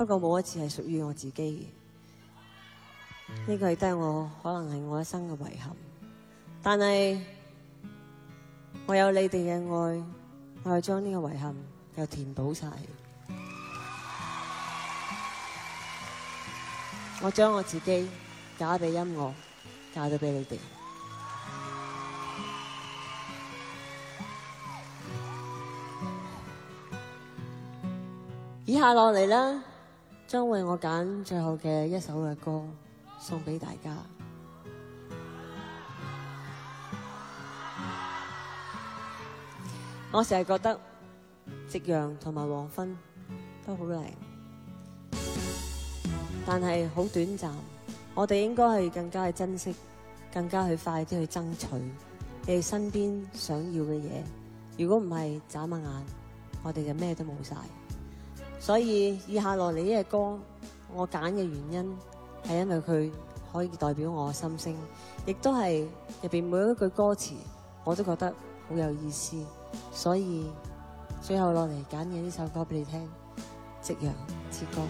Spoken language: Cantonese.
不過冇一次係屬於我自己嘅，呢個亦都係我，可能係我一生嘅遺憾。但係我有你哋嘅愛，我係將呢個遺憾又填補晒。我將我自己嫁俾音樂，嫁咗俾你哋。以下落嚟啦。將為我揀最後嘅一首嘅歌送俾大家。我成日覺得夕陽同埋黃昏都好靚，但係好短暫。我哋應該係更加去珍惜，更加去快啲去爭取你哋身邊想要嘅嘢。如果唔係眨下眼，我哋就咩都冇晒。所以以下落嚟，呢隻歌，我揀嘅原因係因為佢可以代表我心聲，亦都係入邊每一句歌詞，我都覺得好有意思，所以最後落嚟揀嘅呢首歌俾你聽，《夕陽之歌》。